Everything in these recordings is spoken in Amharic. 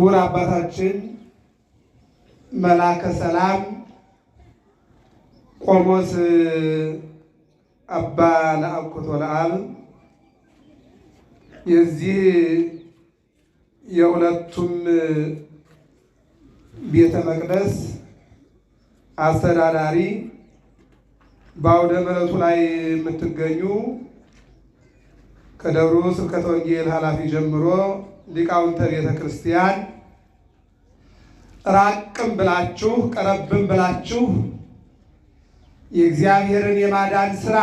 ክቡር አባታችን መላከ ሰላም ቆሞስ አባ ለአኩቶ ለአብ የዚህ የሁለቱም ቤተ መቅደስ አስተዳዳሪ በአውደ ምሕረቱ ላይ የምትገኙ ከደብሩ ስብከተ ወንጌል ኃላፊ ጀምሮ ሊቃውንተ ቤተ ክርስቲያን ራቅም ብላችሁ ቀረብም ብላችሁ የእግዚአብሔርን የማዳን ስራ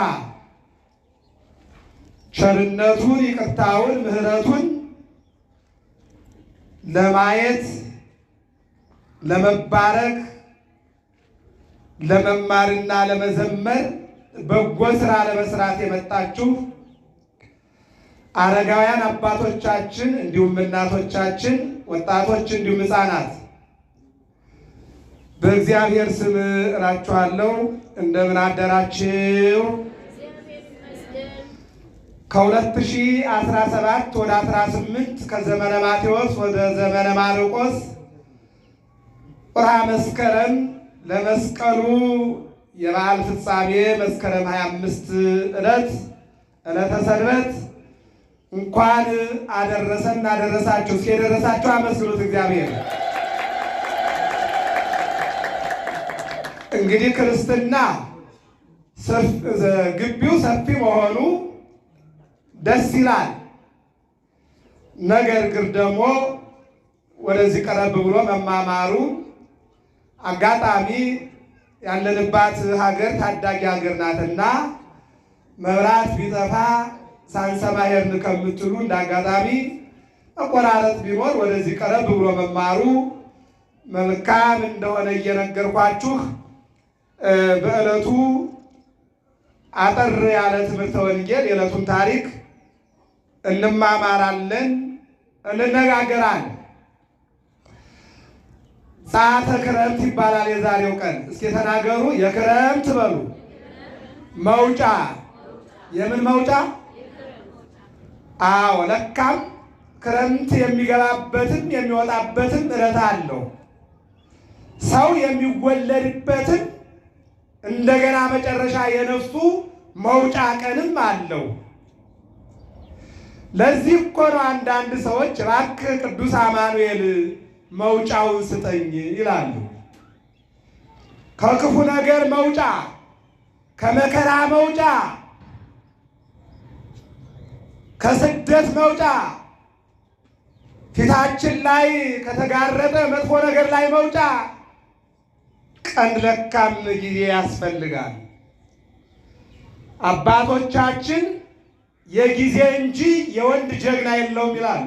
ቸርነቱን፣ ይቅርታውን፣ ምሕረቱን ለማየት ለመባረክ ለመማርና ለመዘመር በጎ ስራ ለመስራት የመጣችሁ አረጋውያን አባቶቻችን እንዲሁም እናቶቻችን፣ ወጣቶች እንዲሁም ህፃናት በእግዚአብሔር ስም እላችኋለሁ እንደምን አደራችሁ። ከ2017 ወደ 18 ከዘመነ ማቴዎስ ወደ ዘመነ ማርቆስ ወርሃ መስከረም ለመስቀሉ የበዓል ፍጻሜ መስከረም 25 ዕለት ዕለተ ሰንበት እንኳን አደረሰን እናደረሳችሁ። እስኪ የደረሳችሁ አመስግኑት እግዚአብሔር። እንግዲህ ክርስትና ግቢው ሰፊ መሆኑ ደስ ይላል። ነገር ግን ደግሞ ወደዚህ ቀረብ ብሎ መማማሩ አጋጣሚ ያለንባት ሀገር ታዳጊ ሀገር ናትና መብራት ቢጠፋ ሳንሰማ ሄርን ከምትሉ እንደ አጋጣሚ መቆራረጥ ቢኖር ወደዚህ ቀረብ ብሎ መማሩ መልካም እንደሆነ እየነገርኳችሁ በዕለቱ አጠር ያለ ትምህርተ ወንጌል የዕለቱን ታሪክ እንማማራለን፣ እንነጋገራለን። ጻተ ክረምት ይባላል የዛሬው ቀን። እስኪ ተናገሩ፣ የክረምት በሉ። መውጫ የምን መውጫ አዎ ለካም ክረምት የሚገባበትም የሚወጣበትም እለት አለው። ሰው የሚወለድበትም እንደገና መጨረሻ የነፍሱ መውጫ ቀንም አለው። ለዚህ እኮ ነው አንዳንድ ሰዎች እባክህ ቅዱስ አማኑኤል መውጫውን ስጠኝ ይላሉ። ከክፉ ነገር መውጫ፣ ከመከራ መውጫ ከስደት መውጫ ፊታችን ላይ ከተጋረጠ መጥፎ ነገር ላይ መውጫ ቀን ለካም ጊዜ ያስፈልጋል። አባቶቻችን የጊዜ እንጂ የወንድ ጀግና የለውም ይላሉ።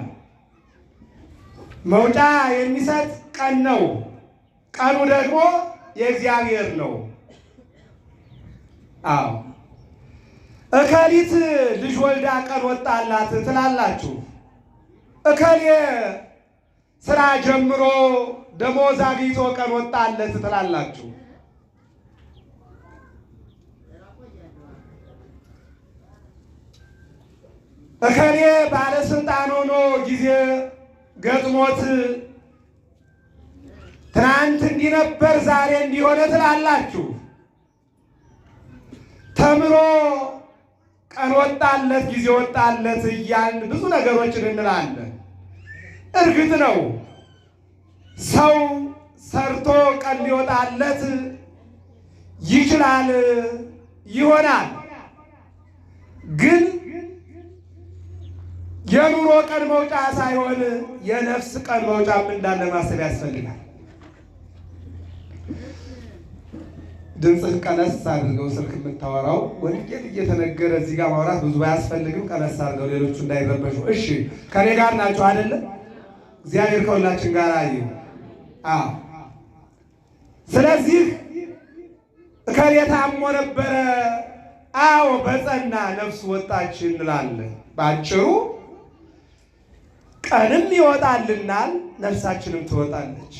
መውጫ የሚሰጥ ቀን ነው። ቀኑ ደግሞ የእግዚአብሔር ነው። አዎ እከሊት ልጅ ወልዳ ቀን ወጣላት ትላላችሁ። እከሌ ስራ ጀምሮ ደሞዝ አግኝቶ ቀን ወጣለት ትላላችሁ። እከሌ ባለስልጣን ሆኖ ጊዜ ገጥሞት ትናንት እንዲነበር ዛሬ እንዲሆነ ትላላችሁ። ተምሮ ቀን ወጣለት፣ ጊዜ ወጣለት እያልን ብዙ ነገሮችን እንላለን። እርግጥ ነው ሰው ሰርቶ ቀን ሊወጣለት ይችላል ይሆናል። ግን የኑሮ ቀን መውጫ ሳይሆን የነፍስ ቀን መውጫም እንዳለ ማሰብ ያስፈልጋል። ድምፅን ቀነስ አድርገው ስልክ የምታወራው ወንጌል እየተነገረ እዚህ ጋር ማውራት ብዙ ባያስፈልግም ቀነስ አድርገው ሌሎቹ እንዳይረበሹ። እሺ ከኔ ጋር ናቸው አይደለም? እግዚአብሔር ከሁላችን ጋር አይ ስለዚህ እከሌ ታሞ ነበረ፣ አዎ በጸና ነፍስ ወጣች እንላለን። በአጭሩ ቀንም ይወጣልናል፣ ነፍሳችንም ትወጣለች።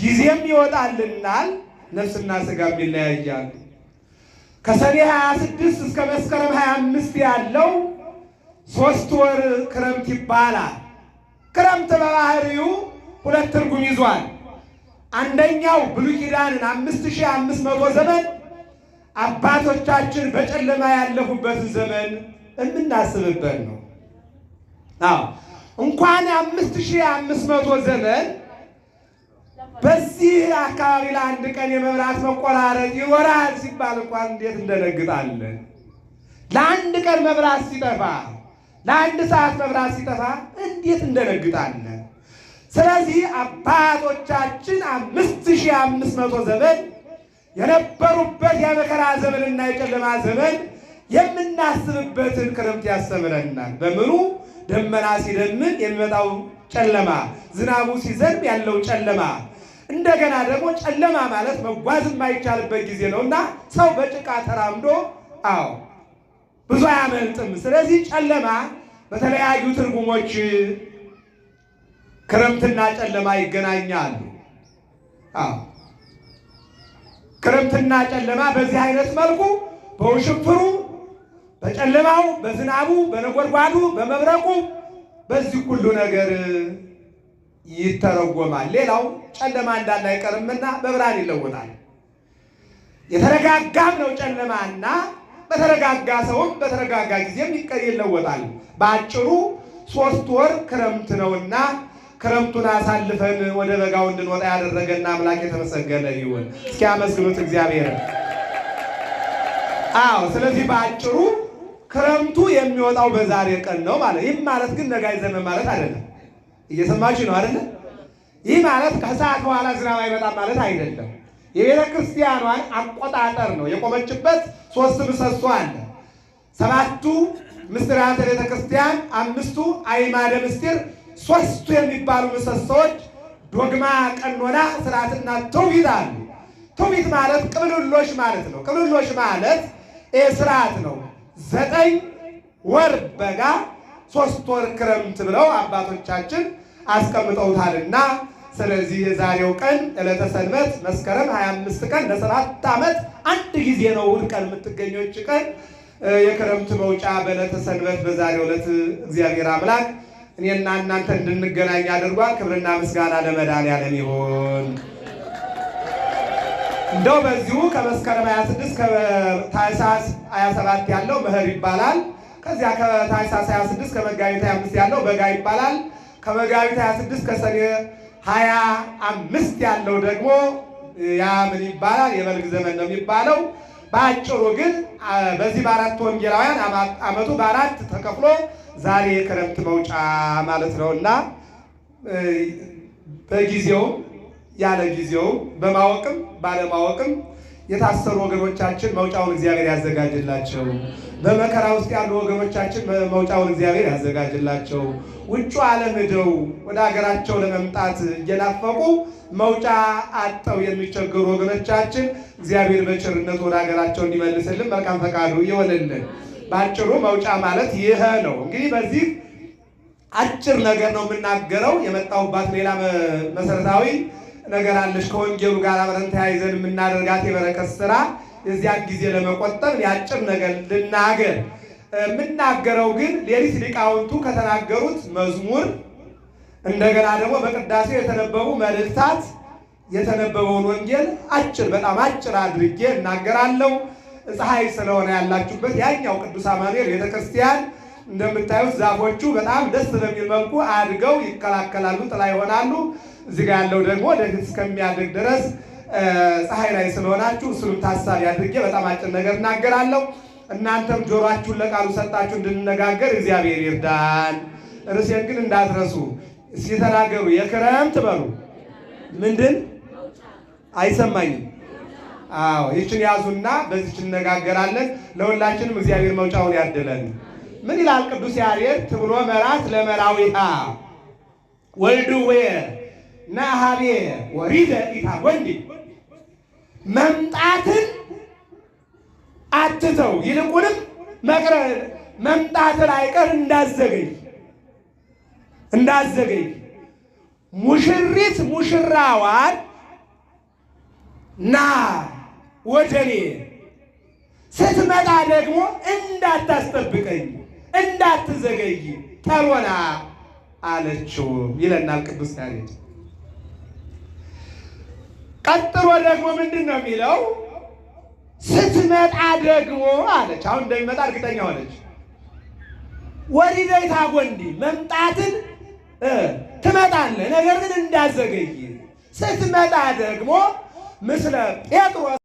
ጊዜም ይወጣልናል ነፍስና ስጋ ይለያያሉ። ከሰኔ 26 እስከ መስከረም 25 ያለው ሶስት ወር ክረምት ይባላል። ክረምት በባህሪው ሁለት ትርጉም ይዟል። አንደኛው ብሉይ ኪዳንን 5500 ዘመን አባቶቻችን በጨለማ ያለፉበትን ዘመን የምናስብበት ነው። አዎ እንኳን 5500 ዘመን በዚህ አካባቢ ለአንድ ቀን የመብራት መቆራረጥ ይወራል ሲባል እንኳን እንዴት እንደነግጣለን። ለአንድ ቀን መብራት ሲጠፋ፣ ለአንድ ሰዓት መብራት ሲጠፋ እንዴት እንደነግጣለን። ስለዚህ አባቶቻችን አምስት ሺህ አምስት መቶ ዘመን የነበሩበት የመከራ ዘመንና የጨለማ ዘመን የምናስብበትን ክረምት ያስተምረናል። በምኑ ደመና ሲደምን የሚመጣው ጨለማ፣ ዝናቡ ሲዘንብ ያለው ጨለማ እንደገና ደግሞ ጨለማ ማለት መጓዝ የማይቻልበት ጊዜ ነው እና ሰው በጭቃ ተራምዶ አዎ ብዙ አያመልጥም። ስለዚህ ጨለማ በተለያዩ ትርጉሞች ክረምትና ጨለማ ይገናኛሉ። አዎ ክረምትና ጨለማ በዚህ አይነት መልኩ በውሽፍሩ፣ በጨለማው፣ በዝናቡ፣ በነጎድጓዱ፣ በመብረቁ በዚህ ሁሉ ነገር ይተረጎማል። ሌላው ጨለማ እንዳለ አይቀርምና በብርሃን ይለወጣል። የተረጋጋም ነው ጨለማና በተረጋጋ ሰውም በተረጋጋ ጊዜም ይቀር ይለወጣል። በአጭሩ ሶስት ወር ክረምት ነውና ክረምቱን አሳልፈን ወደ በጋው እንድንወጣ ያደረገና አምላክ የተመሰገነ ይሁን። እስኪ አመስግኑት እግዚአብሔር። አዎ፣ ስለዚህ በአጭሩ ክረምቱ የሚወጣው በዛሬ ቀን ነው ማለት ይህም ማለት ግን ነጋይ ዘመን ማለት አይደለም። እየሰማችሁ ነው አይደለ? ይህ ማለት ከሰዓት በኋላ ዝናብ አይመጣም ማለት አይደለም። የቤተ ክርስቲያኗን አቆጣጠር ነው የቆመችበት። ሶስት ምሰሶ አለ። ሰባቱ ምስጢራተ ቤተ ክርስቲያን፣ አምስቱ አይማደ ምስጢር፣ ሶስቱ የሚባሉ ምሰሶዎች ዶግማ፣ ቀኖና፣ ስርዓትና ትውፊት አሉ። ትውፊት ማለት ቅብልሎሽ ማለት ነው። ቅብልሎሽ ማለት ስርዓት ነው። ዘጠኝ ወር በጋ ሶስት ወር ክረምት ብለው አባቶቻችን አስቀምጠውታልና ስለዚህ የዛሬው ቀን ዕለተ ሰንበት መስከረም 25 ቀን ለሰባት ዓመት አንድ ጊዜ ነው እሑድ ቀን የምትገኘው ቀን የክረምት መውጫ በዕለተ ሰንበት በዛሬው ዕለት እግዚአብሔር አምላክ እኔና እናንተ እንድንገናኝ አድርጓል። ክብርና ምስጋና ለመድኃኔዓለም ይሁን። እንደው በዚሁ ከመስከረም 26 ከታኅሳስ 27 ያለው መኸር ይባላል። ከዚያ ከታኅሳስ 26 ከመጋቢት 25 ያለው በጋ ይባላል። ከመጋቢት 26 ከሰኔ 25 ያለው ደግሞ ያ ምን ይባላል? የበልግ ዘመን ነው የሚባለው። በአጭሩ ግን በዚህ በአራት ወንጌላውያን አመቱ በአራት ተከፍሎ ዛሬ የክረምት መውጫ ማለት ነው እና በጊዜው ያለ ጊዜው በማወቅም ባለማወቅም የታሰሩ ወገኖቻችን መውጫውን እግዚአብሔር ያዘጋጅላቸው። በመከራ ውስጥ ያሉ ወገኖቻችን መውጫውን እግዚአብሔር ያዘጋጅላቸው። ውጩ ዓለም ሄደው ወደ ሀገራቸው ለመምጣት እየናፈቁ መውጫ አጠው የሚቸገሩ ወገኖቻችን እግዚአብሔር በቸርነቱ ወደ ሀገራቸው እንዲመልስልን መልካም ፈቃዱ ይሆንልን። በአጭሩ መውጫ ማለት ይህ ነው። እንግዲህ በዚህ አጭር ነገር ነው የምናገረው። የመጣሁባት ሌላ መሰረታዊ ነገር አለች። ከወንጌሉ ጋር አብረን ተያይዘን የምናደርጋት የበረከት ስራ የዚያን ጊዜ ለመቆጠብ ያጭር ነገር ልናገር። የምናገረው ግን ሌሊት ሊቃውንቱ ከተናገሩት መዝሙር እንደገና ደግሞ በቅዳሴው የተነበቡ መልእክታት የተነበበውን ወንጌል አጭር በጣም አጭር አድርጌ እናገራለሁ። ፀሐይ ስለሆነ ያላችሁበት ያኛው ቅዱስ አማኑኤል ቤተክርስቲያን እንደምታዩት ዛፎቹ በጣም ደስ በሚል መልኩ አድገው ይከላከላሉ፣ ጥላ ይሆናሉ። እዚህ ጋር ያለው ደግሞ ወደፊት እስከሚያድግ ድረስ ፀሐይ ላይ ስለሆናችሁ እሱንም ታሳቢ አድርጌ በጣም አጭር ነገር እናገራለሁ። እናንተም ጆሯችሁን ለቃሉ ሰጣችሁ እንድንነጋገር እግዚአብሔር ይርዳን። ርዕሴን ግን እንዳትረሱ። ሲተናገሩ የክረምት በሉ ምንድን አይሰማኝም። አዎ ይችን ያዙና በዚች እንነጋገራለን። ለሁላችንም እግዚአብሔር መውጫውን ያድለን። ምን ይላል ቅዱስ ያሬድ? ትብሎ መራት ለመራዊሃ ወልዱ ወየ ናሃቤ ወሪደ ኢታወንዲ መምጣትን አትተው ይልቁንም መቅረ መምጣትን አይቀር እንዳዘገይ እንዳዘገይ ሙሽሪት ሙሽራዋን ና ወደኔ ስትመጣ ደግሞ እንዳታስጠብቀኝ እንዳትዘገይ ተሎና አለችው ይለናል ቅዱስ ያሬድ። ቀጥሮ ደግሞ ምንድን ነው የሚለው? ስትመጣ ደግሞ አለች። አሁን እንደሚመጣ እርግጠኛ ሆነች። ቤታ ጎንዲ መምጣትን ትመጣለህ፣ ነገር ግን እንዳዘገይ ስትመጣ ደግሞ ምስለ ጴጥሮስ